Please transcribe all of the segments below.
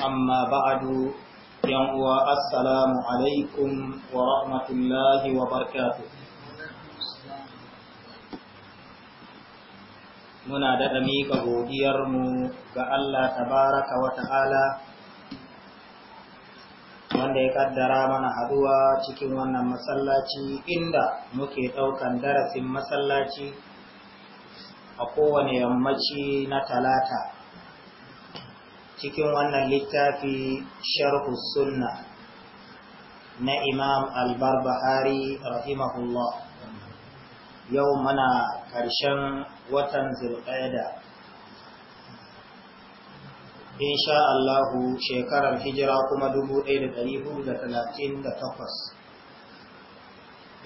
amma ba'adu yan uwa assalamu alaikum wa rahmatullahi wa barakatuh muna daɗa miƙa godiyarmu ga Allah tabaraka wa ta'ala wanda ya ƙaddara mana haɗuwa cikin wannan masallaci inda muke ɗaukan darasin masallaci a kowane yammaci na talata cikin wannan littafi sharhu sunna na imam albarbahari rahimahullah yau mana ƙarshen watan zirƙaida insha Allahu shekarar hijira kuma 1438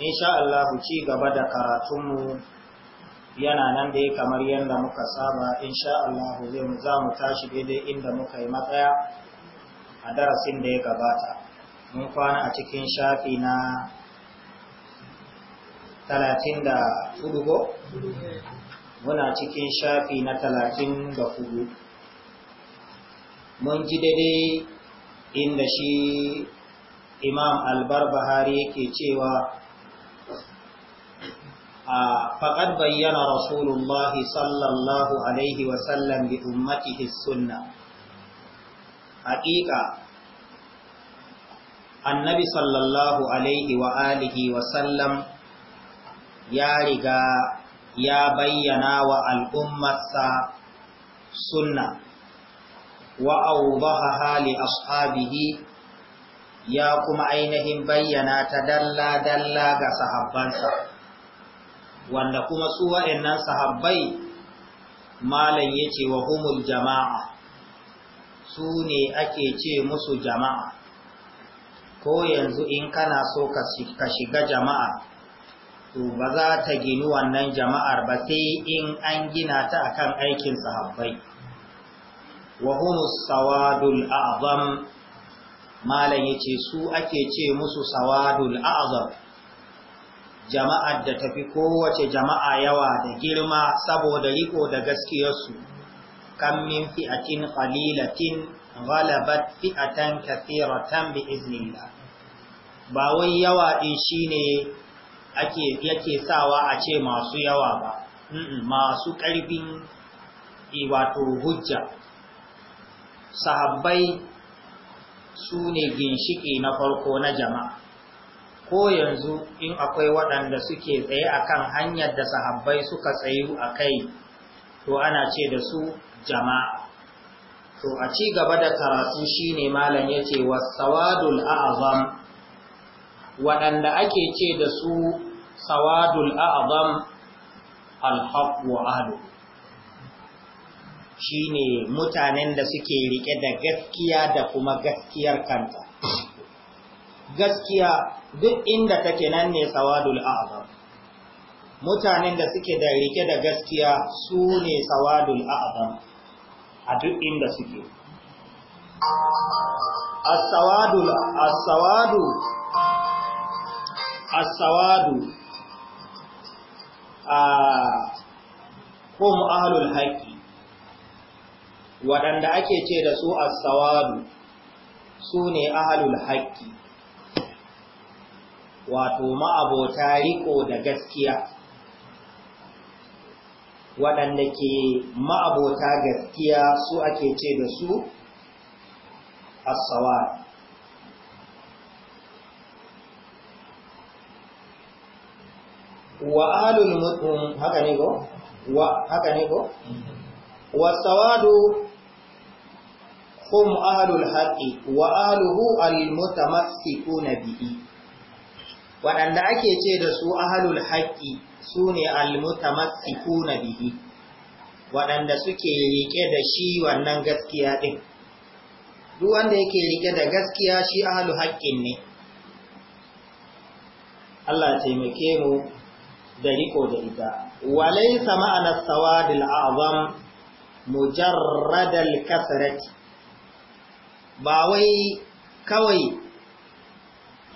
insha Allahu ci gaba da karatunmu yana nan dai kamar yadda muka saba insha Allah zai mu za mu tashi daidai inda muka yi matsaya a darasin da ya gabata mun kwana a cikin shafi na 34 muna cikin shafi na 34 mun ji daidai inda shi imam albarbahari yake cewa فقد بين رسول الله صلى الله عليه وسلم لأمته السنة حقيقة النبي صلى الله عليه وآله وسلم يا رجا يا بينا والأمة سنة وأوضحها لأصحابه يا كما أينهم بينا تدلى دلى كصحابانسا wanda kuma su wa'annan sahabbai malam ya wa humul jama'a su ne ake ce musu jama'a ko yanzu in kana so ka shiga jama'a to ba za ta ginu wannan jama'ar ba sai in an gina ta akan aikin sahabbai wa humus sawadul a'zam malam yace su ake ce musu sawadul a'zam jama'ar da tafi kowace jama'a yawa da girma saboda riko da gaskiyarsu kan min fi'atin qalilatin ghalabat fi'atan kathiratan bi iznillah ba wai yawa din shine ake yake sawa a ce masu yawa ba masu karfin wato hujja sahabbai su ne ginshiki na farko na jama'a ko yanzu in akwai waɗanda suke tsaye akan hanyar da sahabbai suka tsayu a kai to ana ce da su jama'a to a ci gaba da karatu shine malam wa wasawadul a'azam, waɗanda ake ce da su sawadul a'azam, alhaq wa Shi shine mutanen da suke rike da gaskiya da kuma gaskiyar kanta gaskiya duk inda take nan ne sawadul a'zam mutanen da suke da rike da gaskiya su ne sawadul a'zam a duk inda suke as-sawadu as-sawadu as-sawadu a hum ahlul haqi waɗanda ake ce da su as-sawadu su ne ahlul haqi wato ma'abota riko da gaskiya waɗanda ke ma'abota gaskiya su ake ce da su asawa wa alul mutum haka ne wa haka ne wa sawadu hum ahlul haqqi wa aluhu al mutamassikuna bihi waɗanda ake ce da su ahalul haƙƙi su ne almutamassiku na bihi waɗanda suke riƙe da shi wannan gaskiya ɗin duk wanda yake riƙe da gaskiya shi ahalul haƙƙin ne Allah taimake mu da riko da ita a nasawa sawadil a'zam mujarradal kasarati. ba wai kawai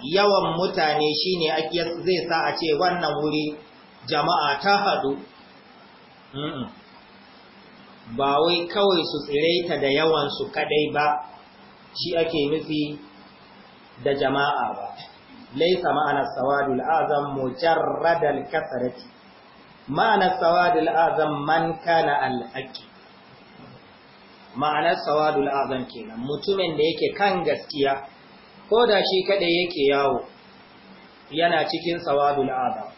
yawan mutane shine ake zai sa a ce wannan wuri jama'a ta haɗu ba wai kawai su tsiraita da yawansu kadai ba shi ake nufi da jama'a ba laisa ma'ana sawadul azam mujarradal kasarati ma'ana sawadul azam man kana alhaki. ma'ana sawadul azam kenan mutumin da yake kan gaskiya ko da shi kaɗai yake yawo yana cikin sawadul azam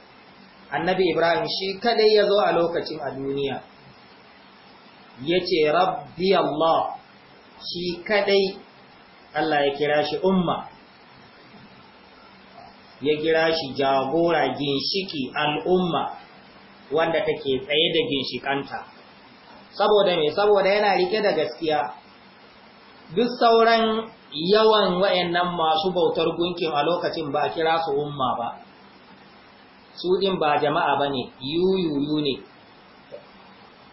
annabi ibrahim shi kaɗai ya zo a lokacin a duniya ya ce rabbi allah shi kaɗai allah ya kira shi umma ya kira shi jagora ginshiki al'umma wanda take tsaye da ginshikanta saboda mai saboda yana rike da gaskiya duk sauran yawan waɗannan masu bautar gunkin a lokacin ba a kira su umma ba su ɗin ba jama'a ba bane yuyuyu ne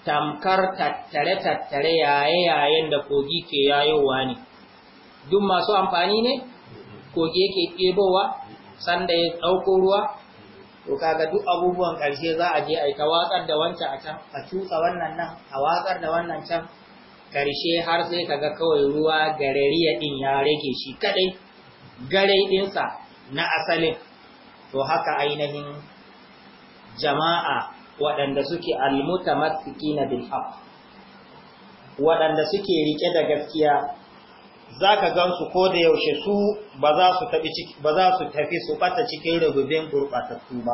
tamkar tattare tattare yaye yayen da kogi ke yayowa ne duk masu amfani ne kogi yake ɗebowa sanda ya ɗauko ruwa to kaga duk abubuwan ƙarshe za a je a yi ta watsar da wancan a can a cutsa wannan nan a watsar da wannan can karshe har sai ka ga kawai ruwa garariya din ya rage shi kadai garai dinsa na asalin to haka ainihin jama'a waɗanda suke almutamassikina na haqq waɗanda suke rike da gaskiya za ka gansu ko da yaushe su ba za su tafi su ɓata cikin rububin gurɓatattu ba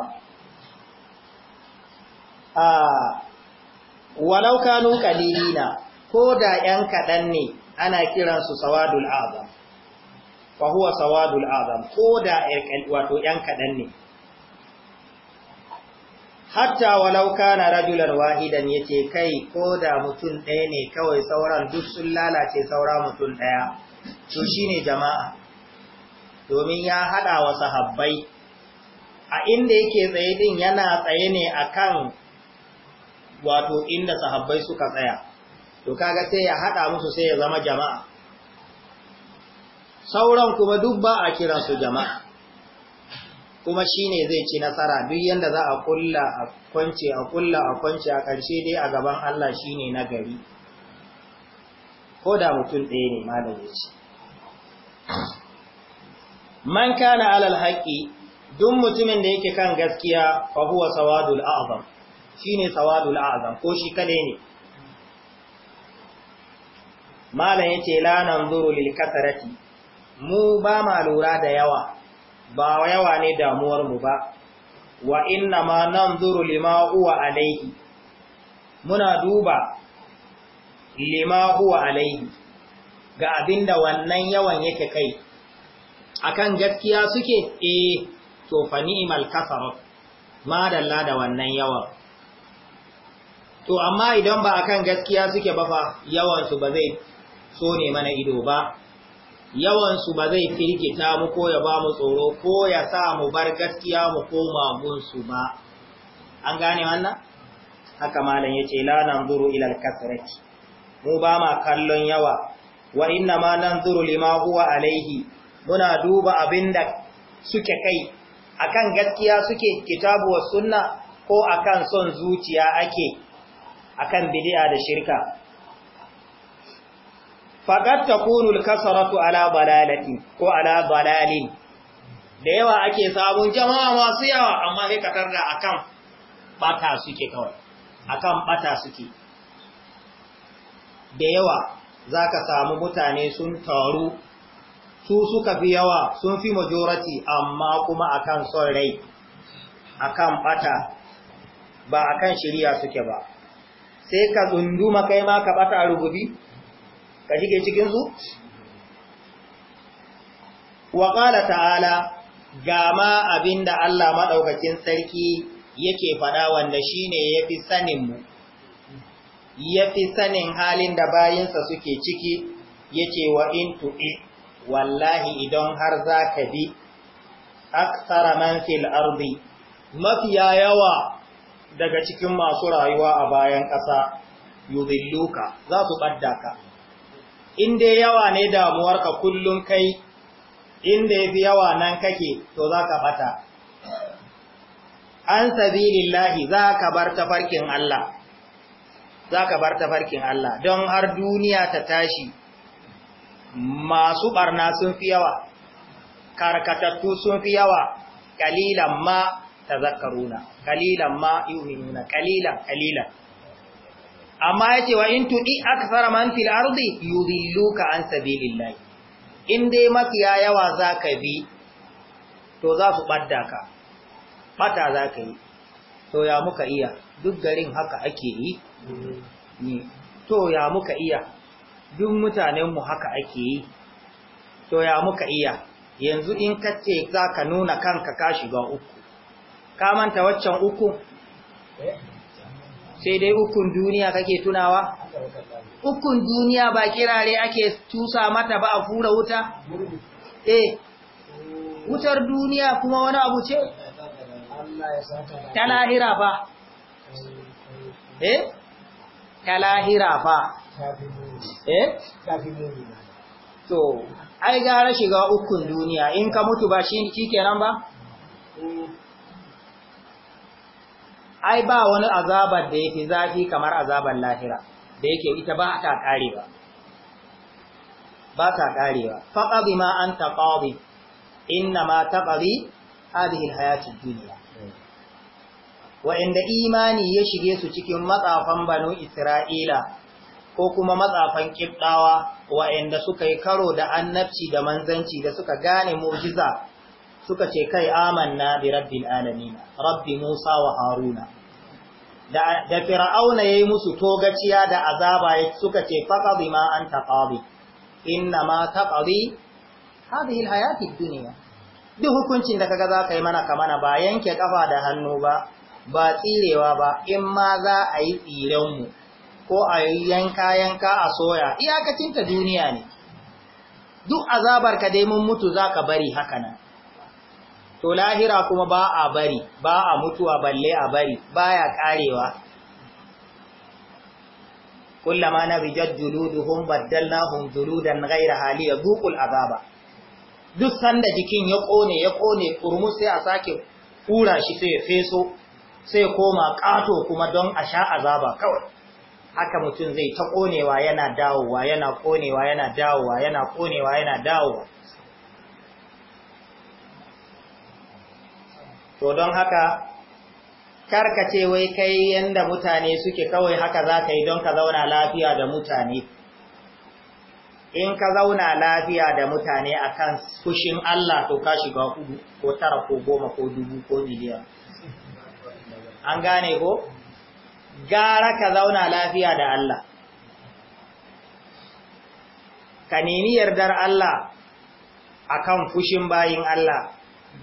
a ah, walau kanu ko da ‘yan kaɗan ne ana kiransu sawadul azam, huwa sawadul azam ko da wato ‘yan kaɗan ne. Hatta walau na rajular wahidan ya kai ko da mutum ɗaya ne kawai sauran duk sun lalace saura mutum ɗaya, to shi jama'a, domin ya haɗa wa sahabbai, a inda yake tsaye din yana tsaye ne akan wato inda sahabbai suka tsaya. to kaga sai ya haɗa musu sai ya zama jama'a sauran kuma duk ba a kira su jama'a kuma shine zai ci nasara duk yanda za a kulla a kwance a kulla a kwance a ƙarshe dai a gaban Allah shine na gari ko da mutum ɗaya ne malami ce man kana alal haqqi duk mutumin da yake kan gaskiya fa huwa sawadul a'zam shine sawadul a'zam ko shi kade ne malam yace la nanzuru lil kasarati mu ba ma lura da yawa ba yawa ne damuwar mu ba wa inna ma nan lima huwa alaihi muna duba lima huwa alaihi ga abinda wannan yawan yake kai akan gaskiya suke eh to fa madalla da wannan yawan to amma idan ba akan gaskiya suke ba fa yawan ba zai So ne mana ido ba yawansu ba zai firgita mu ko ya ba mu tsoro ko ya sa mu bar gaskiya mu koma gunsu ba an gane wannan haka malam yace la nanzuru ila al-kasrati mu ba ma kallon yawa wa inna ma nanzuru lima huwa alaihi muna duba abinda suke kai akan gaskiya suke kitabu wa sunna ko akan son zuciya ake akan bid'a da shirka faqad takunu al-kasratu ala balalati ko ala balalin da yawa ake sabon jama'a masu yawa amma sai ka tarda akan bata suke kawai akan bata suke da yawa zaka samu mutane sun taru su suka fi yawa sun fi majority amma kuma akan son rai akan bata ba akan shari'a suke ba sai ka tsunduma kai ma ka bata rububi ka shige cikin su wa qala ta'ala abinda Allah madaukakin sarki yake faɗa wanda shine yafi sanin mu yafi sanin halin da bayinsa suke ciki yace wa in wallahi idan har zaka bi aktsara man fil ardi mafiya yawa daga cikin masu rayuwa a bayan ƙasa yudilluka za su ɓadda ka in dai yawa ne damuwarka kullum kai in ya fi yawa nan kake to za ka bata an sabilillahi za ka bar tafarkin Allah za ka bar tafarkin Allah don har duniya ta tashi masu barna sun fi yawa karkatattu sun fi yawa kalilan ma tazakkaruna kalilan ma yu'minuna kalilan kalilan amma yace wa in tudi aksara arzi? fil ardi yudilluka an sabilillahi in dai makiya yawa za ka bi to za su ɓadda ka ɓata za ka yi to ya muka iya duk garin haka ake yi ne to ya muka iya duk mutanenmu haka ake yi to ya muka iya yanzu in za ka nuna kanka ka shiga uku ka manta waccan uku eh? sai dai ukun duniya kake tunawa ukun duniya ba kirare ake tusa mata ba a fura wuta eh wutar duniya kuma wani abu ce ta lahira ba eh ta lahira ba eh, to ai gara shiga ukun duniya in ka mutu ba shi kenan ba ai ba wani azabar da yake zafi kamar azabar lahira da yake ita ba ta kare ba ta ba. faqadi ma anta qadi inna ma taqadi hadhihi alhayati ad-dunya inda imani ya shige su cikin matsafan banu Isra'ila ko kuma matsafan wa inda suka yi karo da annabci da manzanci da suka gane mujiza suka ce kai amanna bi rabbil alamin rabbi Musa wa Haruna da fir'auna yayi yi musu togaciya da azaba ya suka ce faqadi ma an qadi inna ma taƙaɗi alhayati ad duniya duk hukuncin da kaga za ka yi mana kamana ba yanke kafa da hannu ba ba tsirewa ba in ma za a yi tsirenmu ko a yi yanka yanka a soya iyakacinta duniya ne duk azabar ka dai mun mutu zaka bari haka nan to lahira kuma ba a bari ba a mutuwa balle a bari baya karewa kullama nabijat juluduhum baddalnahum juludan hali haliya zuqul azaba duk sanda jikin ya kone ya kone kurmu sai a sake kura shi sai ya feso sai koma kato kuma don a sha azaba kawai haka mutum zai ta konewa yana dawowa yana konewa yana dawowa yana konewa yana dawowa to don haka ce wai kai yanda mutane suke kawai haka za ka yi don ka zauna lafiya da mutane in ka zauna lafiya da mutane a kan fushin Allah to ka shiga hudu ko tara ko goma ko dubu ko miliyan an gane ko gara ka zauna lafiya da Allah ka nemi yardar Allah a kan fushin bayin Allah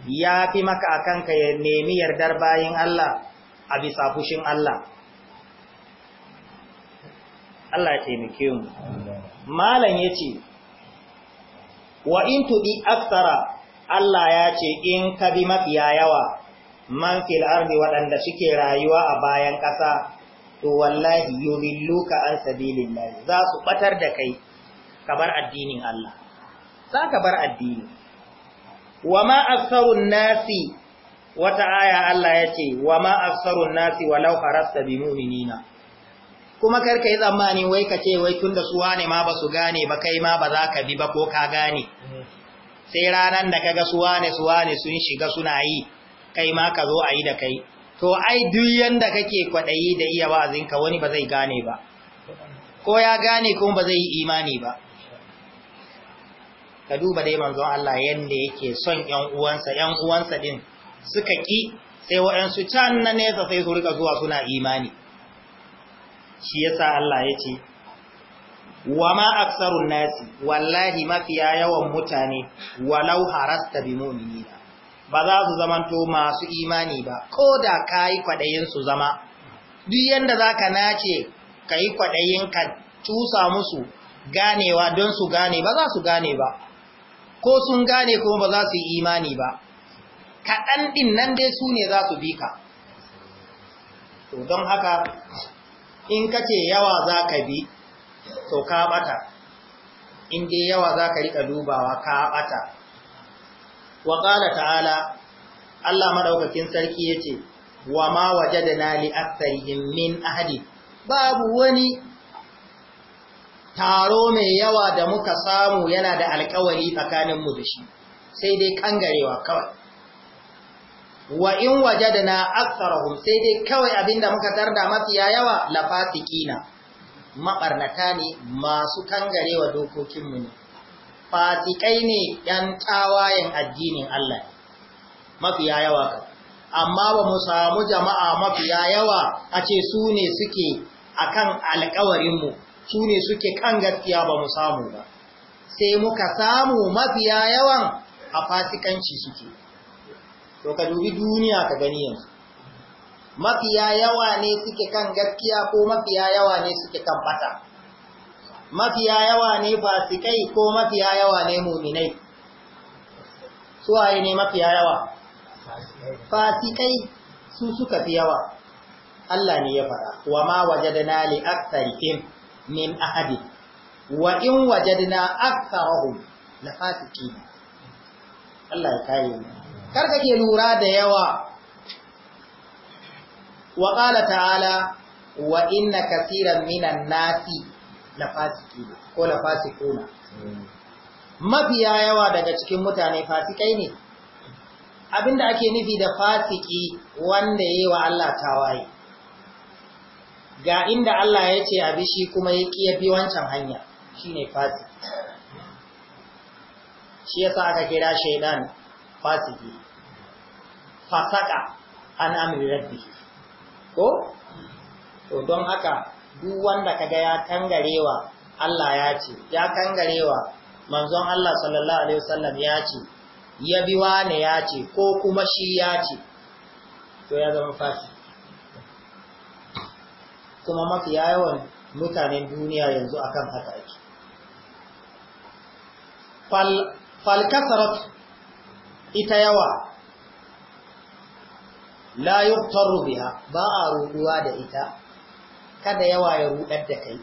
ya fi maka a kanka ya nemi yardar bayan Allah a bisa fushin Allah. Allah ya taimake mu. Malam ya ce, Wa in tuɗi aksara, Allah ya ce in ka bi mafiya yawa, man fil ardi waɗanda suke rayuwa a bayan ƙasa, to wallahi yuzilluka an nan za su ɓatar da kai, ka bar addinin Allah. Za ka bar addinin. wa ma nasi wata aya Allah ya ce wa ma nasi walau harasta bi mu'minina kuma karka yi tsammani wai ka ce wai da su wane ma ba su gane ba kai ma ba za ka bi ba ko ka gane sai ranan da kaga su wane su wane sun shiga suna yi kai ma ka zo a yi da kai to ai duk yanda kake kwaɗayi da iya wa'azinka wani ba zai gane ba ko ya gane kuma ba zai yi imani ba ka duba dai manzon Allah yanda yake son ƴan uwansa ƴan uwansa din suka ki sai waɗansu can na nesa sai su rika zuwa suna imani shi yasa Allah ya ce wa ma aksarun nasi wallahi mafiya yawan mutane walau harasta bi mu'minina ba za su zamanto masu imani ba ko da kayi kwaɗayin su zama duk yanda zaka nace kayi kwadayin ka tusa musu ganewa don su gane ba za su gane ba ko sun gane ko ba za su yi imani ba kaɗan ɗin nan dai su ne za su bi ka to don haka in ka ce yawa za ka bi to ka ɓata in dai yawa za ka riƙa dubawa ka ɓata wa ƙala ta'ala Allah maɗaukakin sarki ya ce wa ma waje da na li'aftarihim min ahadi babu wani taro mai yawa da muka samu yana da alkawari tsakaninmu da shi sai dai kangarewa kawai wa in wajadna aktharuhum sai dai kawai abinda muka tarda mafiya yawa lafatiƙina. mabarnata ne masu kangarewa dokokinmu ne fatikai ne yan tawayen addinin Allah mafiya yawa amma ba mu samu jama'a mafiya yawa a ce su ne suke akan alkawarinmu su ne suke kan gaskiya ba mu samu ba sai muka samu mafiya yawan a fasikanci suke to ka dubi duniya ka gani yanzu mafiya yawa ne suke kan gaskiya ko mafiya yawa ne suke kan bata mafiya yawa ne fasikai ko mafiya yawa ne muminai waye ne mafiya yawa fasikai su suka fi yawa Allah ne ya fara wa ma wajadana li aktharihim min ahadi wa in wajadna aktharahum la fasiqin Allah ya kare mu kar kake lura da yawa wa qala ta'ala wa inna kaseeran minan nasi la fasiqin ko la fasiquna mafiya yawa daga cikin mutane fasikai ne abinda ake nufi da fasiki wanda yayi wa Allah tawaye ga inda Allah ya ce abi shi kuma ya ƙi bi wancan hanya shine fasiki shi ya sa aka kira shaidan fasiki fasaka an amiri rabbi ko to don haka duk wanda kaga ya kangarewa Allah ya ce ya kangarewa manzon Allah sallallahu alaihi wasallam ya ce ya bi wane ya ce ko kuma shi ya ce to ya zama fasiki kuma mafiya yawan mutanen duniya yanzu akan haka ake Falkasarot ita yawa la yuqtaru ba a ruɗuwa da ita kada yawa ya rudar da kai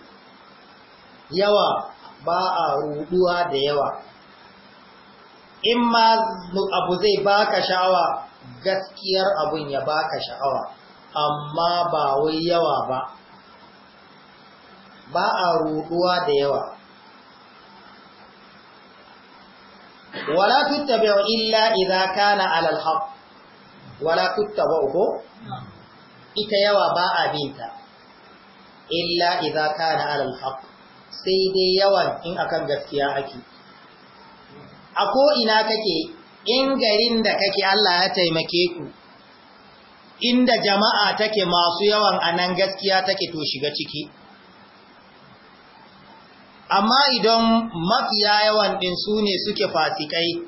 yawa ba a ruɗuwa da yawa in ma abu zai baka sha'awa gaskiyar abun ya baka sha'awa amma ba wai yawa ba ba a ruduwa da yawa wala tuttabi'u illa idza kana 'ala al-haq wala tuttabi'u ko ita yawa ba a binta illa idza kana 'ala al sai dai yawan in akan gaskiya ake a ko ina kake in garin da kake Allah ya taimake ku inda jama'a take masu yawan anan gaskiya take to shiga ciki amma idan mafiya yawan ɗin su ne suke fasikai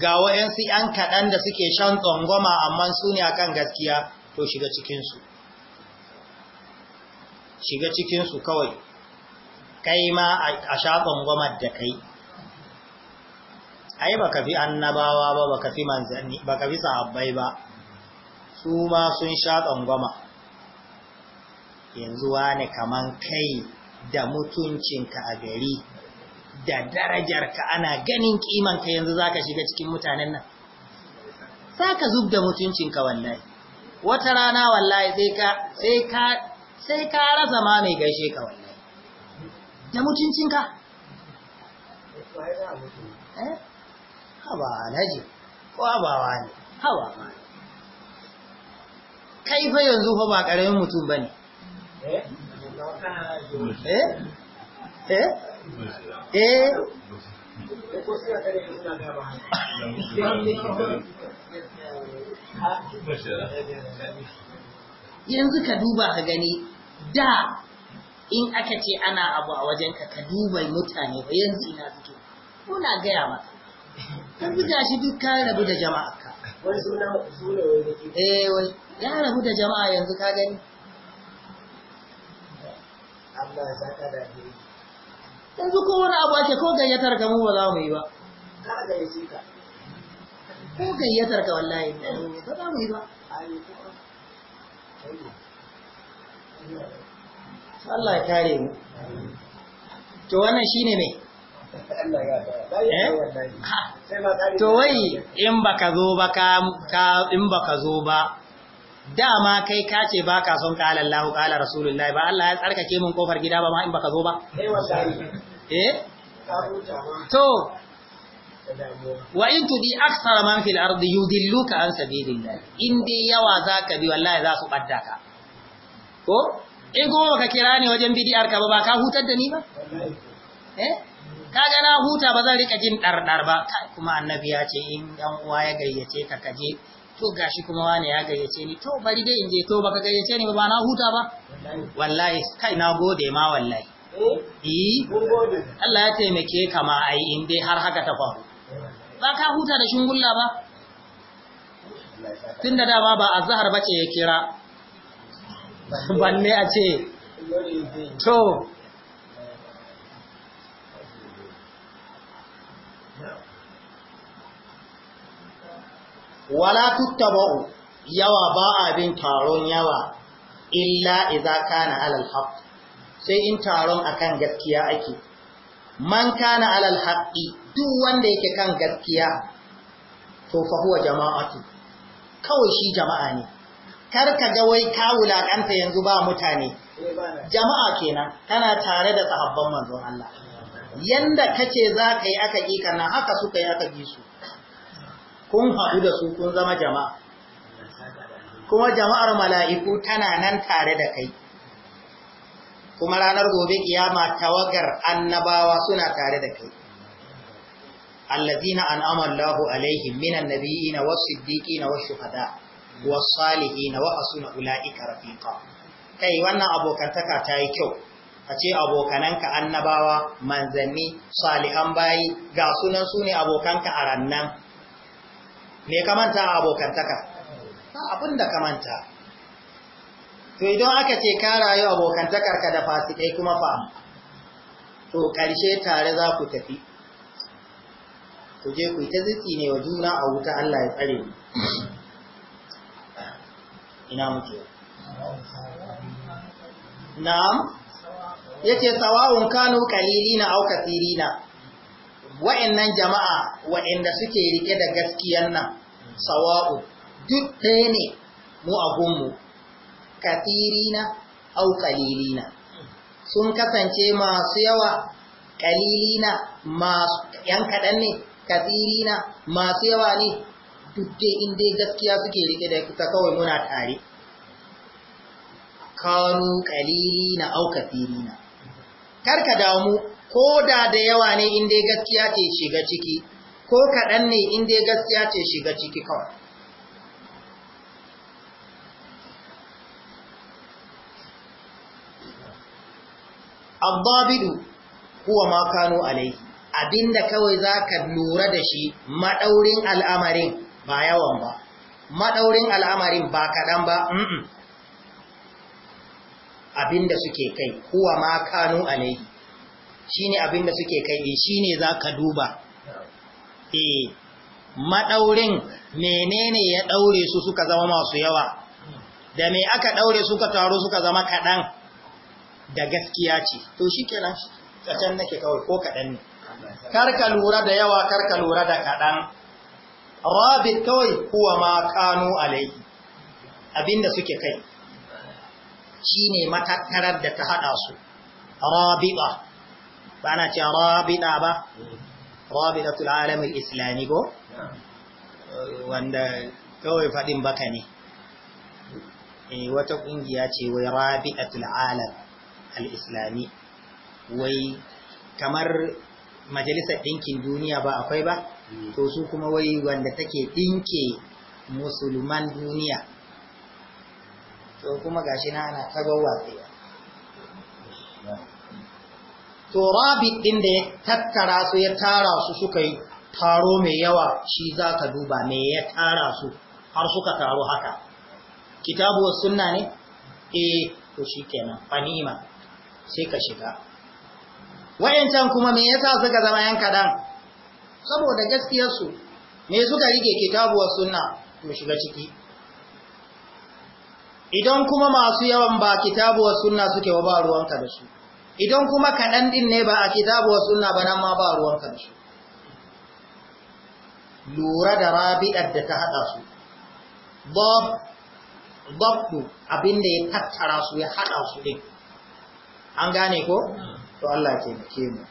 ga wa'yansu ‘yan kaɗan da suke shan tsangwama amma su ne akan gaskiya to shiga cikinsu shiga cikinsu kawai kai ma a sha tsangwamar da kai ai ba ka fi annabawa ba ka fi manzanni ka fi sahabbai ba su ma sun sha tsangwama yanzu wane kaman kai da mutuncinka a gari da darajarka ana ganin kimanka yanzu zaka shiga cikin mutanen nan saka zub da mutuncinka wallahi wata rana wallahi sai ka sai ka sai ka rasa ma mai gaishe ka wallahi da mutuncinka eh haba alhaji ko abawa ne haba ma kai fa yanzu fa ba karamin mutum bane eh eh eh eh yanzu ka duba ka gani da in aka ce ana abu a wajenka ka duba mutane ba yanzu ina fito muna gaya maka yanzu ga shi duk ka rabu da jama'a ka wani suna suna wani eh wani ya rabu da jama'a yanzu ka gani Allah ya saka da ke yanzu ko wani abu ake ko gayyatar ka mu ba za mu yi ba ka gayyace ka ko gayyatar ka wallahi ba za mu yi ba Allah ya kare mu to wannan shine ne eh? to wai in baka zo ba ka in baka zo ba dama kai ka ce ba ka son kala Allah kala Rasulullah ba Allah ya tsarkake min kofar gida ba ma in baka zo ba eh, eh? to wa in tudi aksar man fil ardi yudilluka an sabilillah in dai yawa zaka bi wallahi za su badda ka ko in kuma ka kira ni wajen bidiyar ka ba ba ka hutar da ni ba eh kaga na huta ba zan rika jin dardar ba kuma annabi ya ce in dan uwa ya gayyace ka kaje to gashi kuma wane ya gayyace ni to bari dai in je to baka gayyace ni ba na huta ba wallahi kai na gode ma wallahi eh, eh? Allah ya taimake ka ma ai in dai har haka ta faru ba ka huta da shingulla ba da dama ba azhar bace ya kira banne a ce to wala tuttaba'u yawa ba abin taron yawa illa idza kana alal haqq sai in taron akan gaskiya ake man kana alal haqqi duk wanda yake kan gaskiya to fa huwa jama'atu kawai shi jama'a ne kar ka ga wai ka wulakanta yanzu ba mutane jama'a kenan kana tare da sahabban manzon Allah yanda kace za ka yi aka ƙi na haka suka yi aka ji su kun haɗu da su kun zama jama'a kuma jama'ar mala'iku tana nan tare da kai kuma ranar gobe kiyama tawagar annabawa suna tare da kai allazina an'ama lahu alaihim minan nabiyina was-siddiqina wash-shuhada was-salihina wa hasuna ulaika rafiqa kai wannan abokantaka ta yi kyau a ce abokananka annabawa manzanni salihan bayi ga sunan su ne abokanka a rannan me ka manta a abokantaka abin da ka manta to idan aka ce ka rayu abokantakarka da fasikai kuma fa to ƙarshe tare za ku tafi ku je ku yi ta ziki ne wa juna a wuta Allah ya tsare mu ina muke na'am yace sawa'un kanu qalilina aw kathirina wa'annan jama'a wa'anda suke rike da gaskiyar nan sawa'u duk ɗaya ne mu a gunmu katirina au kalilina sun kasance masu yawa kalilina masu yan kaɗan ne katirina masu yawa ne duk dai inda gaskiya suke rike da ita kawai muna tare kanu kalilina au katirina karka damu ko da da yawa ne inda gaskiya ce shiga ciki ko kaɗan ne inda gaskiya ce shiga ciki kawai abdabidu kuwa ma kano alai abinda kawai za ka lura da shi maɗaurin al'amarin ba yawan ba maɗaurin al'amarin ba kaɗan ba abinda suke kai kuwa ma kano alai Shi ne abin da suke kai eh, shi ne za ka duba eh maɗaurin menene ya ɗaure su suka zama masu yawa da me aka ɗaure suka taro suka zama kaɗan da gaskiya ce to shi kenan can nake kawai ko kaɗan ne karka lura da yawa karka lura da kaɗan rabin kawai kuwa ma kanu alaihi da suke kai shi ne matattarar da ta haɗa su rabiba ba na cewa rabida ba rabidatul alamul islami ko wanda kawai faɗin baka ne eh, wata ƙungiya ce wai rabidatul alam al-islami wai kamar majalisar ɗinkin duniya ba akwai ba to su kuma wai wanda take ɗinke musulman duniya to kuma gashi na ana tagawa tsaye to din da ya tattara su ya tara su suka yi taro mai yawa shi za ka duba me ya tara su har suka taru haka kitabu sunna ne eh to shi kenan fanima sai ka shiga wayancan kuma me yasa suka zama yan kadan saboda gaskiyarsu me suka rike kitabu sunna mu shiga ciki idan kuma masu yawan ba kitabu sunna suke wa ba ruwanka da su idan kuma kaɗan ɗin ne ba a kitabu wa suna ba nan ma ba ruwan kansu lura da rabi'ar da ta haɗa su abin abinda ya tattara su ya haɗa su ɗin an gane ko? to Allah ke ke mu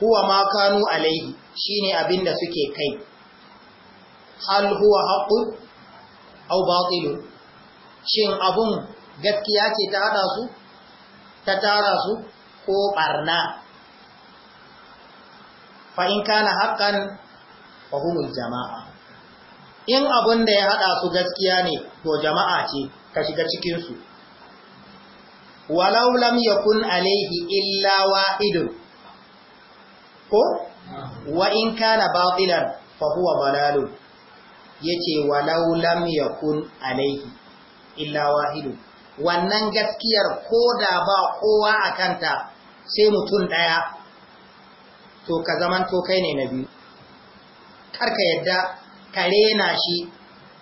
huwa ma kanu alaihi shine abinda suke kai hal huwa haqqun aw batilun shin abun gaskiya ce ta hada su ta tara su ko barna fa in kana haqqan fa humul jama'a in abun da ya hada su gaskiya ne to jama'a ce ka shiga cikin su walau lam yakun alaihi illa wahidun ko wa in kana batilan fa huwa dalalun yace walau lam yakun alaihi illa wahidun wannan gaskiyar ko da ba kowa a kanta sai mutum ɗaya to ka zaman to kai ne na biyu karka yadda ka rena shi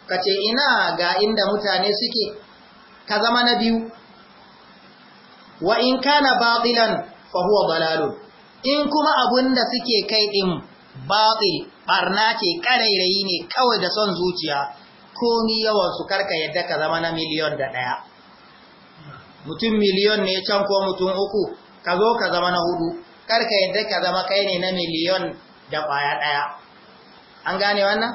ka ce ina ga inda mutane suke ka zama na biyu wa in kana batilan fahuwa huwa in kuma abunda suke kai ɗin batil barna ce karairayi ne kawai da son zuciya komi yawansu yawansu karka yadda ka zama na miliyon da ɗaya? mutum miliyon ne can ko mutum uku ka zo ka zama na hudu kar ka yadda ka zama kai ne na miliyon da kwaya ɗaya an gane wannan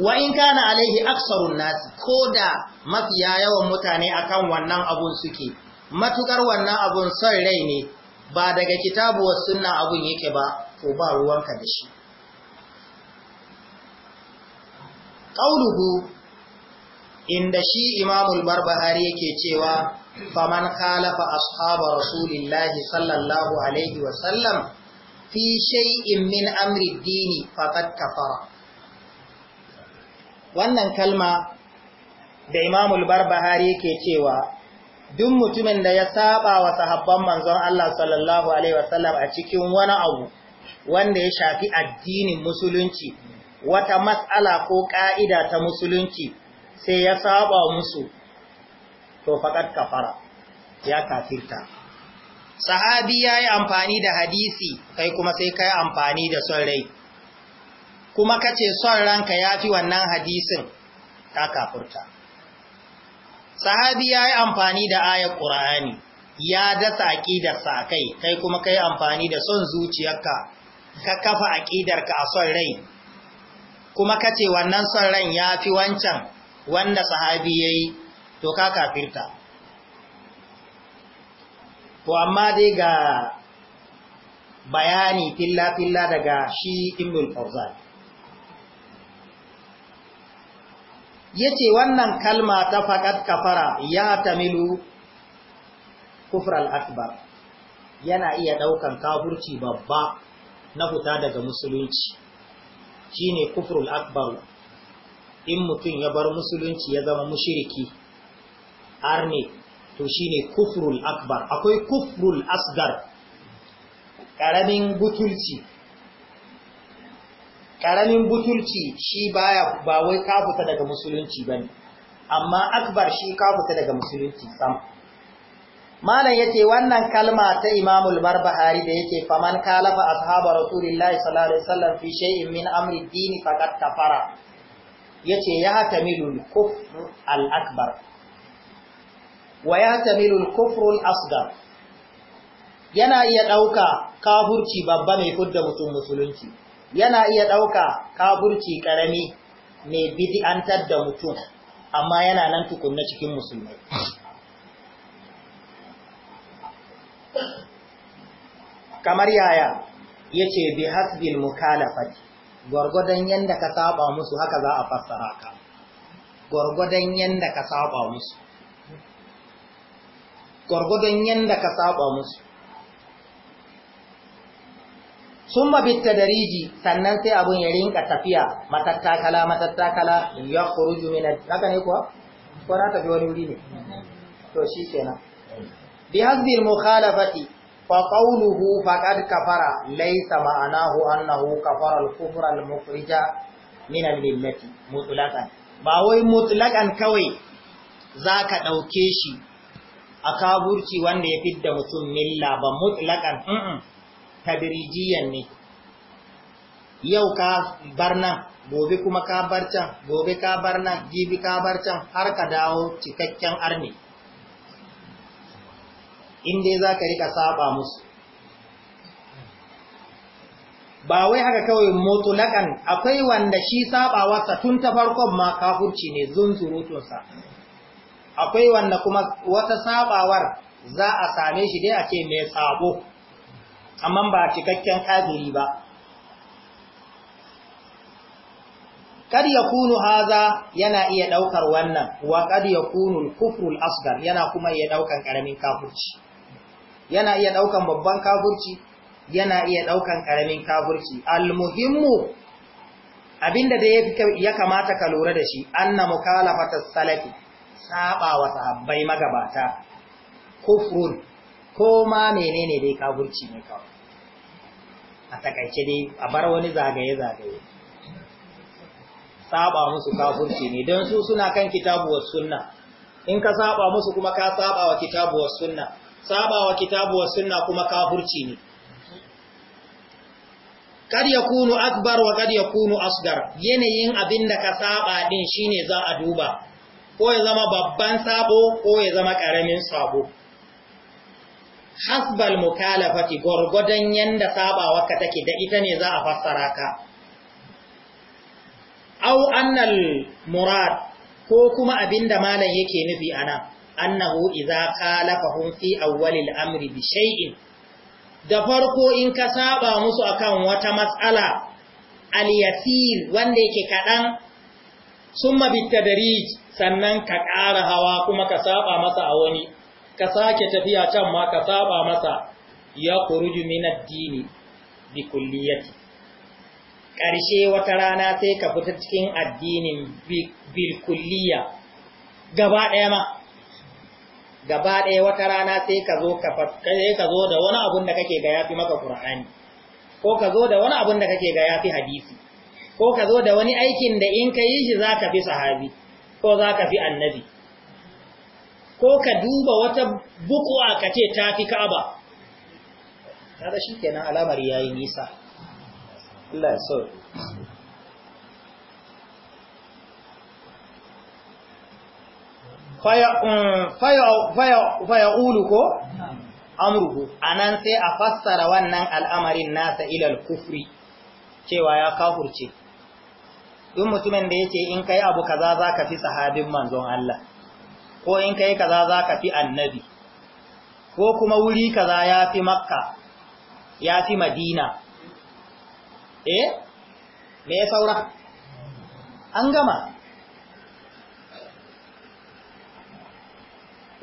wa in kana alaihi aksarun nasi ko da mafiya yawan mutane akan wannan abun suke matukar wannan abun son rai ne ba daga kitabu sunna abun yake ba ko ba ruwanka da shi ƙaunuhu inda shi imamul barbahari yake cewa faman khalafa ashaba rasulillahi sallallahu alaihi wasallam fi shay'in min amri dini faqad kafara wannan kalma da imamul barbahari yake cewa duk mutumin da ya saba wa sahabban manzon Allah sallallahu alaihi wasallam a cikin wani abu wanda ya shafi addinin musulunci wata mas'ala ko ka'ida ta musulunci sai ya saba musu to faƙat kafara ya kafirta sahabi ya amfani da hadisi kai kuma sai ka amfani da son rai kuma ka son ranka yafi fi wannan hadisin ta kafurta sahabi yayi amfani da ayat ƙura'ani ya dasa aƙidarsa a kai kai kuma ka amfani da son zuciyarka ka kafa ka a son rai kuma kace wannan son ran yafi wancan wanda sahabi ya yi to ka kafirta to amma dai ga bayani filla-filla daga shi ibn fauzan ya ce wannan kalma ta faƙat kafara ya tamilu kufral akbar yana iya ɗaukan kafurci babba na fita daga musulunci shine kufrul akbar in mutum ya bar musulunci ya zama mushiriki arne to shine kufrul akbar akwai kufrul asgar karamin butulci karamin butulci shi baya ba wai kafuta daga musulunci bane amma akbar shi kafuta daga musulunci sam malam yace wannan kalma ta imamul barbahari da yake faman kalafa ashabar rasulillahi sallallahu alaihi wasallam fi shay'in min amri dini faqad kafara yace ya hatamilul kufr al-akbar wa ya hatamilul kufr al yana iya ɗauka kafurci babba mai fudda mutum musulunci yana iya ɗauka kafurci karami mai bid'antar da mutum amma yana nan tukunna cikin musulmai kamar yaya yace bi hasbil mukalafati gwargwadon yadda ka saba musu haka za a fassara ka gwargwadon yadda ka saba musu gwargwadon yadda ka saba musu sun mabitta da riji sannan sai abun ya rinka tafiya matattakala matattakala ya kuru minar haka ne kuwa? ko na tafi wani wuri ne to shi kenan bi hasbir mukhalafati فقوله فقد كفر ليس معناه أنه كفر الكفر المخرج من الملة مطلقا ba wai mutlakan kawai za ka ɗauke shi a kaburci wanda ya fi da mutum milla ba mutlakan tabirijiyan ne yau ka bar nan gobe kuma ka bar can gobe ka bar nan jibi ka bar can har ka dawo cikakken arni in dai za ka rika saba musu ba wai haka kawai motulakan akwai wanda shi sabawarsa tun ta farkon ma kafurci ne zun zunzurutunsa akwai wanda kuma wata sabawar za a same shi dai a ce mai sabo amma ba cikakken kafiri ba kad yakunu haza yana iya daukar wannan wa kad ya kunu kufrul asgar yana kuma iya daukan karamin kafurci. yana iya ɗaukan babban kafurci yana iya ɗaukan karamin kafurci almuhimmu abinda da ya kamata ka lura da shi anna mukalafatas salafi saba wa sahabbai magabata kufrun ko ma menene dai kafurci ne kawai a takaice dai a bar wani zagaye zagaye saba musu kafurci ne don su suna kan kitabu kitabuwar sunna in ka saba musu kuma ka saba wa kitabu kitabuwar sunna wa kitabu wa sunna kuma kafurci ne kad kunu akbar wa kad yakunu asgar yanayin abinda ka saba din shine za a duba ko ya zama babban sabo ko ya zama karamin sabo hasbal mukalafati gurgudan yanda sabawa ka take da ita ne za a fassara ka au annal murad ko kuma abinda malam yake nufi anan annahu idza khalafahum fi awwalil amri bi shay'in da farko in ka saba musu akan wata mas'ala al-yasir wanda yake kadan summa bitadarij sannan ka ƙara hawa kuma ka saba masa a wani ka sake tafiya can ma ka saba masa ya kuruju min ad-dini bi kulliyati ƙarshe wata rana sai ka fita cikin addinin bil kulliya gaba ɗaya ma gaba ɗaya wata rana sai ka zo ka ka zo da wani abun da kake ga yafi maka Qur'ani ko ka zo da wani abun da kake ga yafi hadisi ko ka zo da wani aikin da in ka yi shi zaka fi sahabi ko zaka fi annabi ko ka duba wata a kace ta fi Ka'aba kada shikenan alamar yayi nisa Allah ya so faya'ulu um, ko amurku a nan sai a fassara wannan al'amarin nasa ilal kufri cewa ya kafurce in mutumin da yake in kai abu kaza za ka fi sahabin manzon Allah ko in kai kaza za ka fi annabi ko kuma wuri kaza ya fi makka ya fi madina eh me ya saura an gama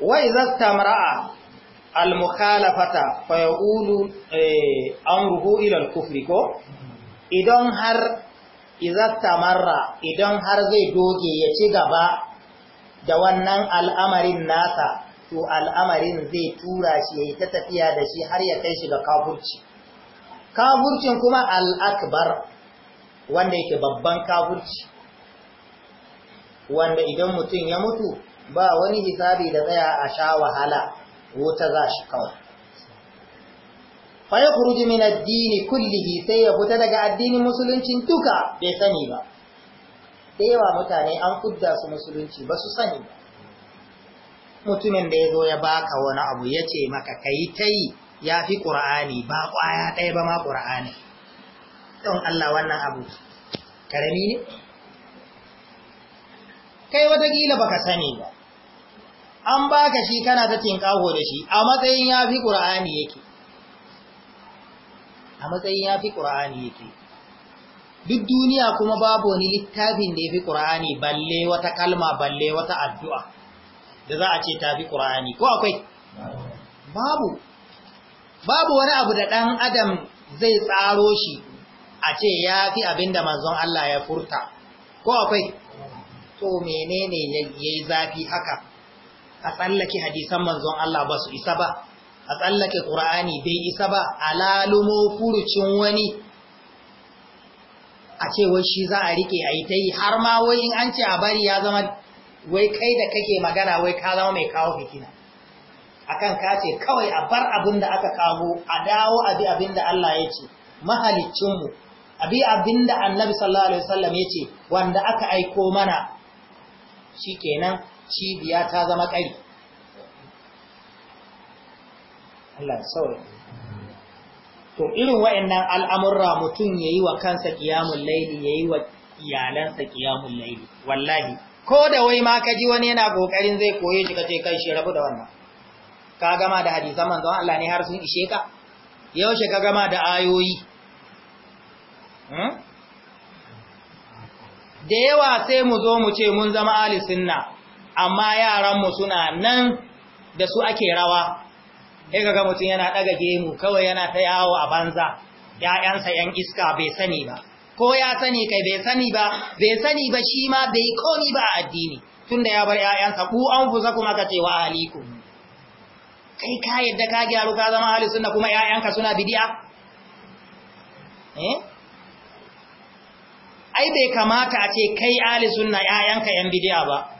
wa idza tamra'a al mukhalafata fa yaqulu eh, amruhu ila al kufri ko idan har idza idan har zai doge ya ci gaba da wannan al'amarin nasa to al'amarin zai tura shi ya ta tafiya da shi har ya kai shi ga kafurci kafurcin kuma al'akbar wanda yake babban kafurci wanda idan mutum ya mutu ba wani hisabi da tsaya a sha wahala wuta za shi kawai fa ya kuruji min addini kullihi sai ya fita daga addinin musuluncin duka bai sani ba da yawa mutane an kudda su musulunci ba su sani ba mutumin da ya zo ya baka wani abu ya ce maka kai ta yi ya fi ƙura'ani ba ƙwaya ɗaya ba ma ƙura'ani don Allah wannan abu ƙarami ne? kai watakila baka sani ba an baka shi kana ta tinkaho da shi a matsayin ya fi ƙura'ani yake a matsayin ya fi ƙura'ani yake duk duniya kuma babu wani littafin da ya fi ƙura'ani balle wata kalma balle wata addu'a da za a ce ta fi ƙura'ani ko akwai babu babu wani abu da ɗan adam zai tsaro shi a ce ya fi abin da manzon Allah ya furta ko akwai to menene ya yi zafi haka a tsallake hadisan manzon Allah ba su isa ba a tsallake ƙura'ani bai isa ba a lalumo furucin wani a ce wai shi za a rike a yi ta yi har ma wai in an ce a bari ya zama wai kai da kake magana wai ka zama mai kawo fitina akan ka ce kawai a bar abin da aka kawo a dawo a bi abin da Allah ya ce mahaliccinmu bi abin da annabi sallallahu alaihi wasallam ya ce wanda aka aiko mana shi shikenan cibiya ta zama ƙari Allah saurin. to irin nan al'amurra mutum ya yi wa kansa ƙiyamun laili ya yi wa iyalansa ƙiyamun laili wallahi ko da wai ma ka ji wani yana ƙoƙarin zai koye shi ka kai shi rabu da wannan ka gama da hadisan manzon Allah ne har sun ishe ka yaushe ka gama da ayoyi hmm? da yawa sai mu zo mu ce mun zama alisunna amma yaranmu suna nan da su ake rawa sai kaga mutum yana daga gemu kawai yana ta yawo a banza Ya'yansa yan iska bai sani ba ko ya sani kai bai sani ba bai sani ba shi ma bai komi ba a addini tunda ya bar ya'yansa ku an fusa kuma ka ce wa aliku. kai ka yadda ka gyaru ka zama ahli sunna kuma ya'yanka suna bid'a eh ai bai kamata a ce kai ahli sunna ƴaƴanka yan bid'a ba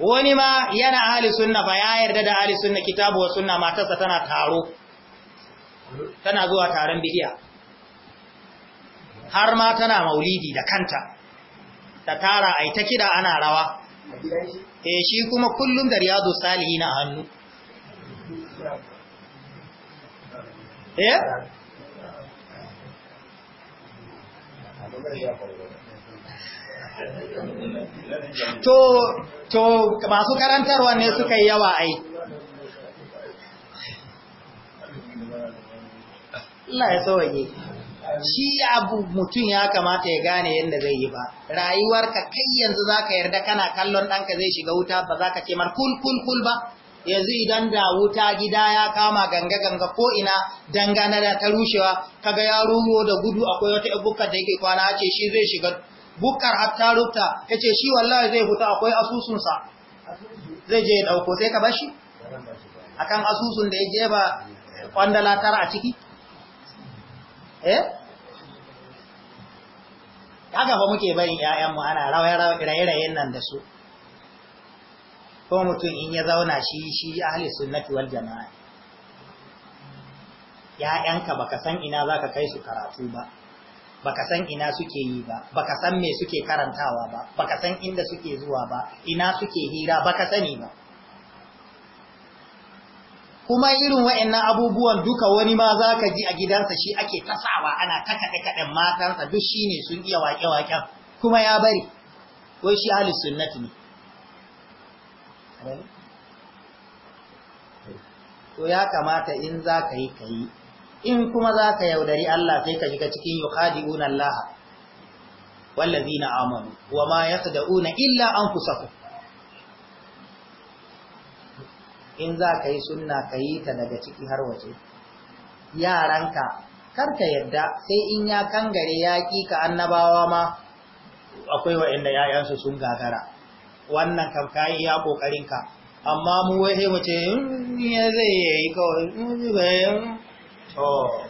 wani ma yana ahli sunna fa ya yarda da ahli sunna kitabu wa sunna matarsa tana taro tana zuwa taron bidiya har ma tana maulidi da kanta ta tara ai ta kida ana rawa eh shi kuma kullum da riyadu salihin a hannu eh to to masu karantarwa ne suka yi yawa ai Allah ya tsawaye shi abu mutum ya kamata ya gane yadda zai yi ba rayuwarka kai yanzu za ka yarda kana kallon ɗanka zai shiga wuta ba za ka ce mar kul kul kul ba yanzu idan da wuta gida ya kama ganga ganga ko ina dangana da ta rushewa kaga ya ruwo da gudu akwai wata ibuka da yake kwana ce shi zai shiga bukkar hatta rubuta ya ce shi wallahi zai huta akwai asusunsa zai je ya ɗauko sai ka bashi a kan asusun da ya je ba kwandala tara a ciki eh haka ba muke barin ‘ya'yanmu ana raye-rayen nan da su ko mutum in ya zauna shi shi ahli sunnati wal jama'a ‘ya'yanka baka san ina za ka kai su karatu ba baka san ina suke yi ba baka san me suke karantawa ba baka san inda suke zuwa ba ina suke hira baka sani ba kuma irin wa'annan abubuwan duka wani ma ka ji a gidansa shi ake tasawa ana ta kaɗe kaɗen matansa duk shine sun iya waƙe waƙen kuma ya bari wai shi ahlus sunnati ne to ya kamata in za ka yi ka yi in kuma za ka yaudari Allah sai ka shiga cikin yukhadi'una Allah wallazina amanu wa ma una illa anfusahum in za ka yi sunna ka yi ta daga ciki har waje yaranka kar ka yadda sai in ya kangare ya ka annabawa ma akwai wa'anda 'ya'yansu sun gagara wannan kam ka yi ya kokarin ka amma mu wai sai mu ce in hmm, ya zai yi kawai Oh.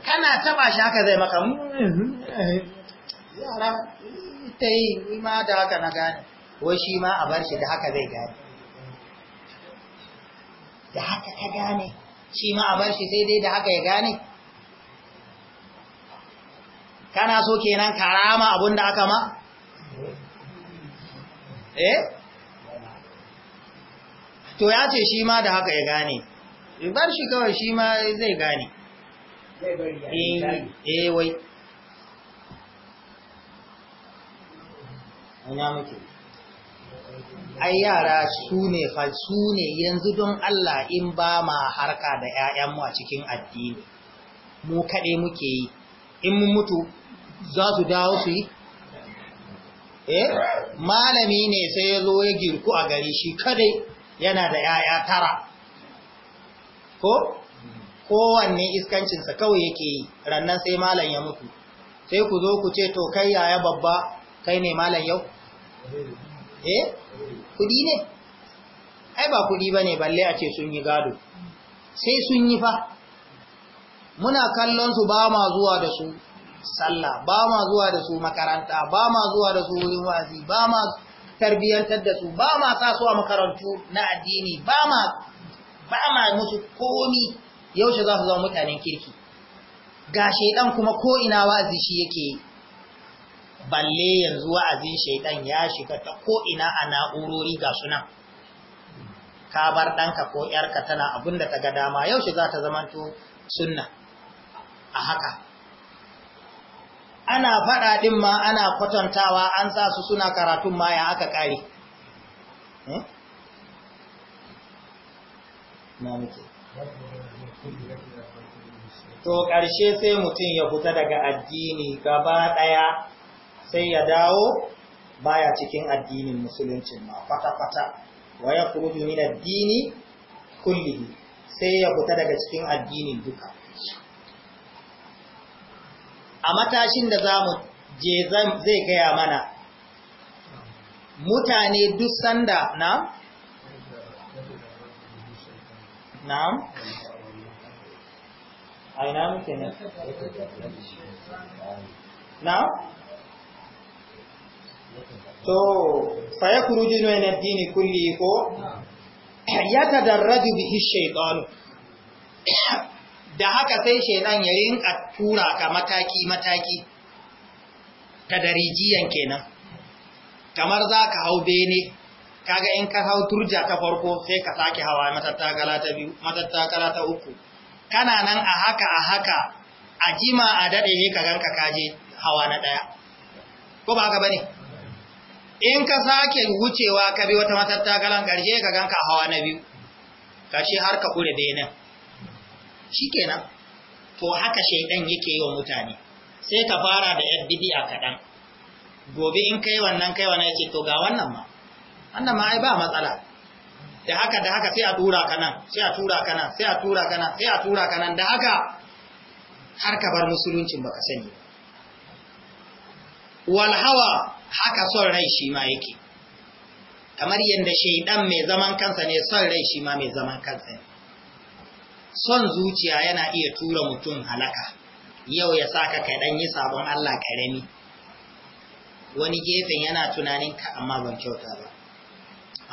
kana taba shi haka zai maka mm, yara ta yi ma da haka na gane ko shi ma a bar shi da haka zai gane da haka ka gane shi ma a bar shi sai dai da haka ya gane kana so kenan karama abun da aka ma eh to ya ce shi ma da haka ya gane bar shi kawai shi ma zai gane eh, eh ina muke ai yara su ne fa su ne yanzu don Allah in ba ma harka da 'ya'yanmu a cikin addini mu kaɗai muke yi in mun mutu za su dawo su yi eh malami ne sai ya zo ya girku a gari shi kadai yana da ƴaƴa tara ko kowanne iskancinsa kawai yake yi rannan sai malam ya mutu sai ku zo ku ce to kai yaya babba kai ne malam yau eh kudi ne ai ba kudi ba ne balle a ce sun yi gado sai sun yi fa muna kallon su ba ma zuwa da su sallah ba ma zuwa da su makaranta ba ma zuwa da su wurin wazi ba ma tarbiyyantar da su ba ma sa su a makarantu na addini ba ma ba ma musu komi yaushe za su zama mutanen kirki ga shaidan kuma ko'ina ina wa'azi shi yake balle yanzu wa'azin shaidan ya shiga ta ko ina a na'urori ga suna ka bar ɗanka ko ‘yarka tana abin da ta ga dama yaushe za ta to suna a haka ana faɗa ɗin ma ana kwatantawa an sa su suna karatun ma ya aka ƙare. Hmm? na to ƙarshe sai mutum ya fita daga addini gaba ɗaya sai ya dawo baya cikin addinin musuluncin ma fata fata wa ya kuruju min addini kulli sai ya fita daga cikin addinin duka a matashin da za mu je zai gaya mana mutane duk sanda na na'am a ina muke ne na'am to fa yakhruju min ad-din kulli ko yatadarraju bihi shaytan da haka sai shaiɗan ya rinka tura ka mataki mataki tadarijiyan kenan kamar zaka hau bene kaga in ka hau turja ta farko sai ka sake hawa matattakala ta biyu matattakala ta uku kana nan a haka a haka a jima a dade ne ka ganka kaje hawa na daya ko ba haka bane in ka sake wucewa ka bi wata matattakalan karshe ka ganka hawa na biyu kashi har ka kure benen shikenan to haka shaidan yake yi wa mutane sai ka fara da yar a kadan gobe in kai wannan kai wannan yake to ga wannan ma annan ma ai ba matsala da haka da haka sai a tura ka nan sai a tura ka nan sai a tura ka nan sai a tura ka nan da haka har ka bar musuluncin baka sani wal hawa haka son rai shi ma yake kamar yadda shaidan mai zaman kansa ne son rai shi ma mai zaman kansa ne son zuciya yana iya tura mutum halaka yau ya saka ka dan yi sabon Allah karemi wani gefen yana tunanin ka amma ban kyauta ba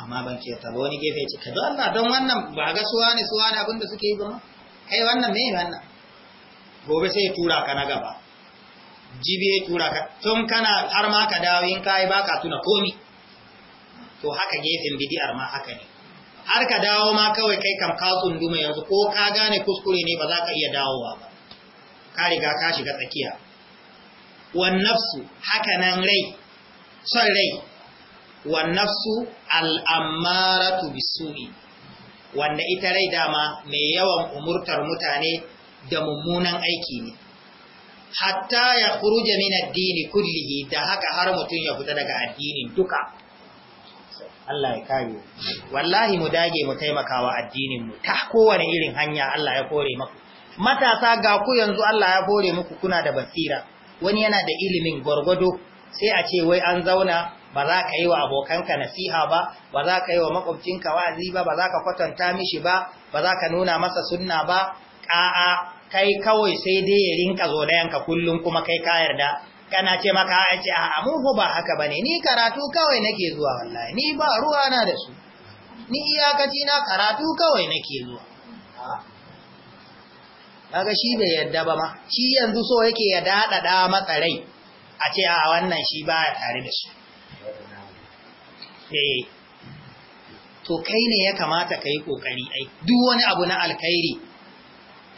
amma ban ta, ba wani gefe ce ka don Allah don wannan ba ga suwa ne suwa ne abinda suke yi ba ma kai wannan me wannan gobe sai ya tura ka na gaba jibi ya tura ka tun kana har ma ka dawo in kai ba ka tuna komi to haka gefen bidiyar ma haka ne har ka dawo ma kawai kai kam ka tsunduma yanzu ko ka gane kuskure ne ba za ka iya dawowa ba ka riga ka shiga tsakiya Wannan nafsu haka nan rai son rai wa nafsu al'ammaratu bisu'i wanda ita rai dama mai yawan umurtar mutane da mummunan aiki ne hatta ya kuruja min addini kullihi da haka har mutum ya fita daga addinin duka Allah ya kare wallahi mu dage mu taimakawa addinin mu ta kowane irin hanya Allah ya kore maku matasa ga ku yanzu Allah ya kore muku kuna da basira wani yana da ilimin gwargwado sai a ce wai an zauna ba za ka yi wa abokanka nasiha ba ba za ka yi wa makwabcinka wa'azi ba ba za ka kwatanta mishi ba ba za ka nuna masa sunna ba a'a kai kawai sai dai ya rinka yanka kullum kuma kai ka yarda kana ce maka a ce a mu ko ba haka bane ni karatu kawai nake zuwa wallahi ni ba ruwa na da su ni iyakaci na karatu kawai nake zuwa kaga shi bai yarda ba ma shi yanzu so yake ya daɗaɗa da matsarai a ce a wannan shi ba tare da su eh to kai ne ya kamata ka yi ƙoƙari ai duk wani abu na alkhairi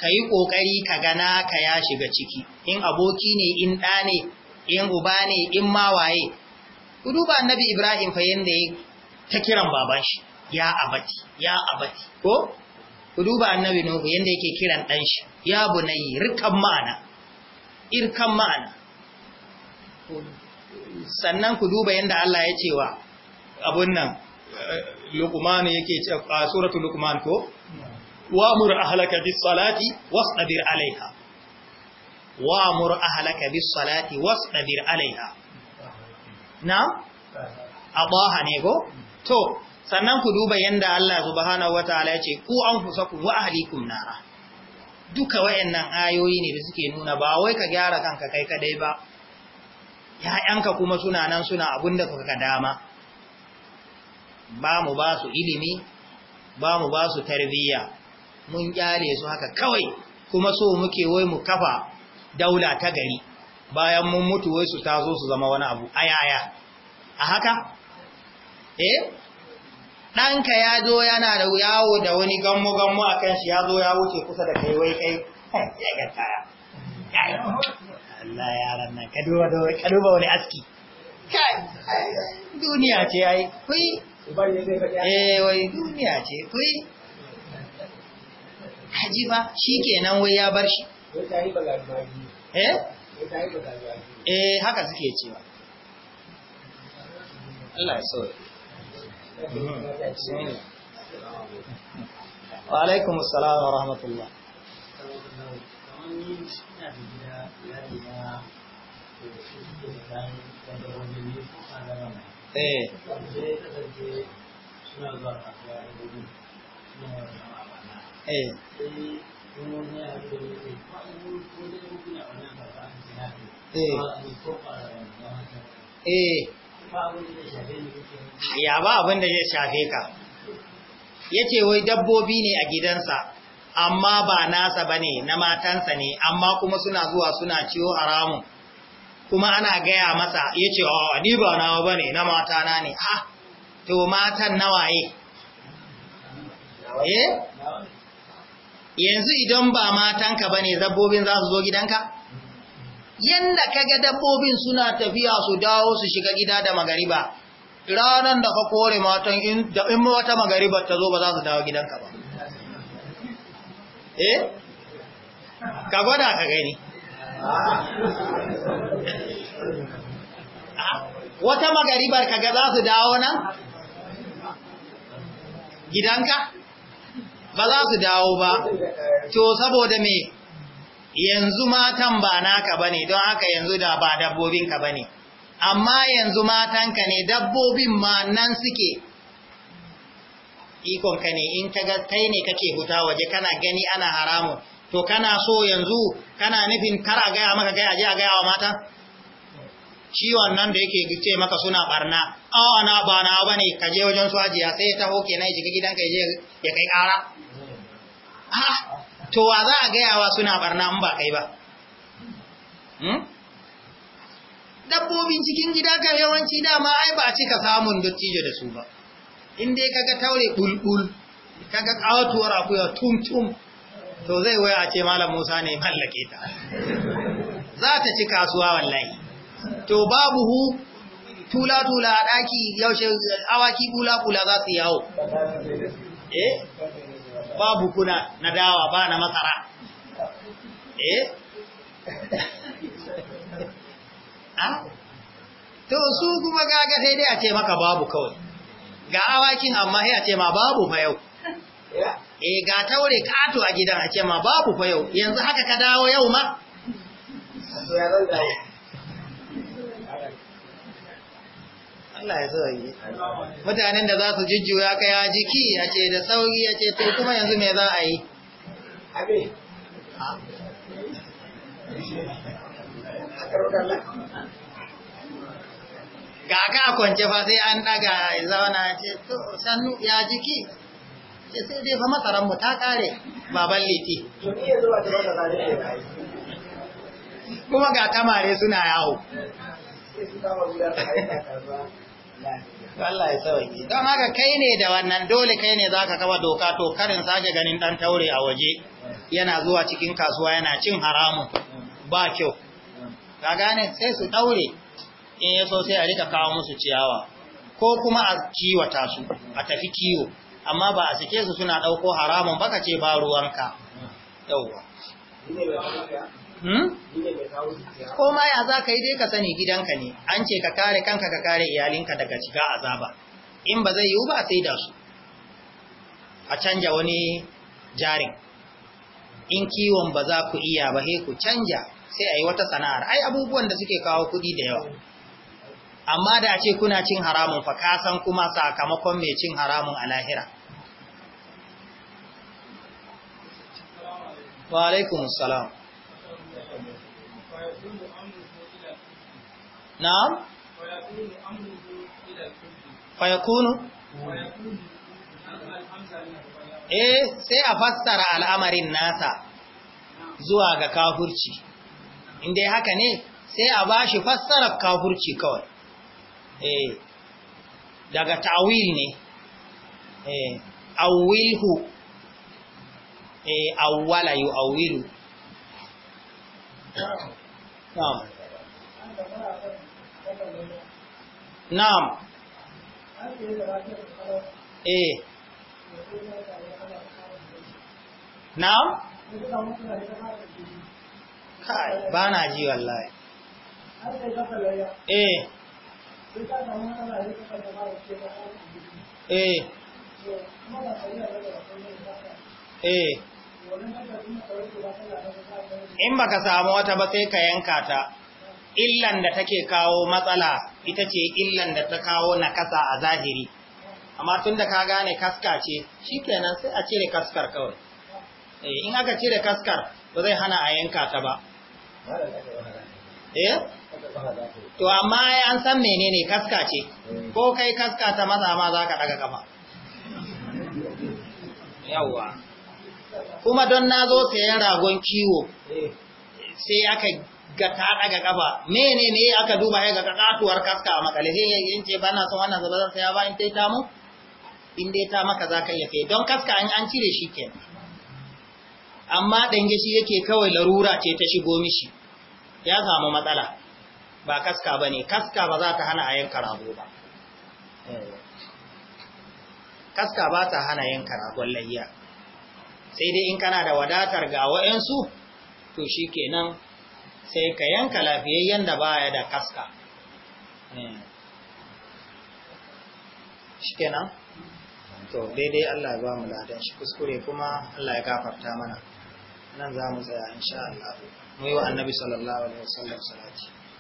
ka yi ƙoƙari ka gana ka ya shiga ciki in aboki ne in ɗa ne in uba ne in mawaye ku duba annabi ibrahim fa yanda ya ta kiran baban shi ya abati ya abati ko ku duba annabi nuhu yanda yake kiran ɗan shi ya bunayi rikan ma'ana irkan ma'ana sannan ku duba yadda Allah ya cewa abun nan eh, luqman yake ce a suratu luqman ko Wa wa'mur ahlaka bis salati wasbir alaiha wa'mur ahlaka bis salati wasbir alaiha na abaha ne ko to sannan ku duba yanda Allah subhanahu wataala ce, ku anfusakum wa ahlikum nara duka wayannan ayoyi ne da suke nuna ba wai ka gyara kanka kai kadai ba ya'yanka kuma suna nan suna abinda kuka dama ba mu ba su ilimi ba mu ba su tarbiyya mun kyale su haka kawai kuma so muke wai mu kafa daula ta gari bayan mun mutu wai su tazo su zama wani abu ayaya a haka eh ɗanka ya zo yana da yawo da wani gammo gammo a kan shi ya zo ya wuce kusa da kai wai kai ya gata ya Allah ya nan ka duba wani aski kai duniya ce yayi kai eh wai duniya ce kai haji ba shi kenan wai ya bar shi eh? eh haka suke cewa Allah ya wa alaikum assalam wa rahmatullah Eh. Eh. Eh. eh ya ba abin da zai shafe ka ya ce wai dabbobi ne a gidansa amma ba nasa ba ne na matansa ne amma kuma suna zuwa suna ciwo haramun kuma ana gaya masa ya ce wa, ni ba nawa ba ne na mata na ne ha ah, to matan nawaye eh yanzu idan ba matanka ba ne dabbobin za su zo gidanka yanda kaga dabbobin suna tafiya su dawo su shiga gida da magariba ranar da ka kore matan in wata magariba ta zo ba za su dawo gidanka ba eh ka gwada ka gani Ah. wata magaribar kaga za su dawo nan gidanka ba za su dawo ba to saboda me yanzu matan ba naka bane don haka yanzu da ba dabbobinka bane amma yanzu matanka ne dabbobin ma nan suke ikonka ne in kaga kai ne kake huta waje kana gani ana haramun to kana so yanzu kana nufin kar a gaya maka gaya je a gaya wa mata ciwon nan da yake ce maka suna barna awa na ba na ba ne ka je wajen su ajiya sai ya taho kenan ya shiga ka ya kai kara a'a to wa za a gaya wa suna barna in ba kai ba hmm? dabbobin cikin gida kan yawanci dama ai ba a cika samun dattijo da su ba in dai kaga taure bulbul kaga kawatuwar akuya tum tum to zai waya a ce malam Musa ne mallake ta za ta ci kasuwa wallahi to babu hu tula tula a daki yaushe awaki bula bula za su yawo eh babu kuna na dawa ba na masara eh ah to su kuma gaga sai dai a ce maka babu kawai ga awakin amma sai a ce ma babu fa yau eh ga taure kato a gidan a ce ma babu fa yau yanzu haka ka dawo yau ma Allah ya sauyi mutanen da za su jujjuya ka ya jiki ya ce da sauri ya ce to kuma yanzu me za a yi ga ka kwance fa sai an daga zauna ce to sannu ya jiki ce sai dai fa masaran mu ta kare baban liti kuma ga tamare suna yawo Allah ya sauki don haka kai ne da wannan dole kai ne zaka kaba doka to karin sake ganin dan taure a waje yana zuwa cikin kasuwa yana cin haramun ba kyau ka gane sai su daure in yaso sai a rika kawo musu ciyawa ko kuma a kiwata su a tafi kiwo amma ba a cike su suna ɗauko haramun baka ce ba ruwanka yauwa hmm? ko ma ya za ka yi dai ka sani gidanka ne an ce ka kare kanka ka kare iyalinka daga shiga azaba in ba zai yiwu ba sai da su a canja wani jarin in kiwon ba za ku iya ba he ku canja sai a yi wata sana'ar ai abubuwan da suke kawo kuɗi da yawa amma da ce kuna cin haramun fa ka san kuma sakamakon mai cin haramun a lahira wa alaikum salam na'am fa eh sai a fassara al'amarin nasa zuwa ga kafurci indai haka ne sai a bashi fassarar kafurci kawai eh daga tawil ne eh awilhu eh awwala yu'awilu na'am na'am eh na'am kai ba na ji wallahi eh eh eh in baka samu wata ba sai ka yanka ta illan da take kawo matsala ita ce illan da ta kawo nakasa a zahiri amma tun da ka gane kaska ce shikenan sai a cire kaskar kawai eh, in aka cire kaskar ba zai hana a yanka ta ba eh to amma an san menene kaska ce eh. ko kai kaska ta maza ma za ka daga kafa yawwa kuma don na zo sayan ragon kiwo eh. sai aka ga ta daga kafa Menene ne aka duba ya ga ƙatuwar kaska a makale sai ya yin ce bana son wannan zaba zan saya ba in taita mu in dai ta maka za ka iya don kaska an an cire shi ke amma dange shi yake kawai larura ce ta shigo mishi ya samu matsala ba kaska ba ne kaska ba za ta hana a yanka rago ba kaska ba ta hana yanka ragon layya sai dai in kana da wadatar ga wa'yansu to shi kenan sai ka yanka lafiyayyen da baya da kaska eh. shi kenan to daidai Allah ba mu ladan shi kuskure kuma Allah ya gafarta mana nan za mu tsaya sha Allah mu yi wa annabi sallallahu alaihi wasallam salati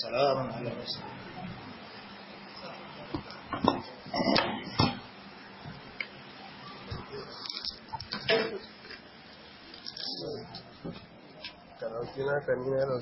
وسلام على المرسلين Karaokina kan yi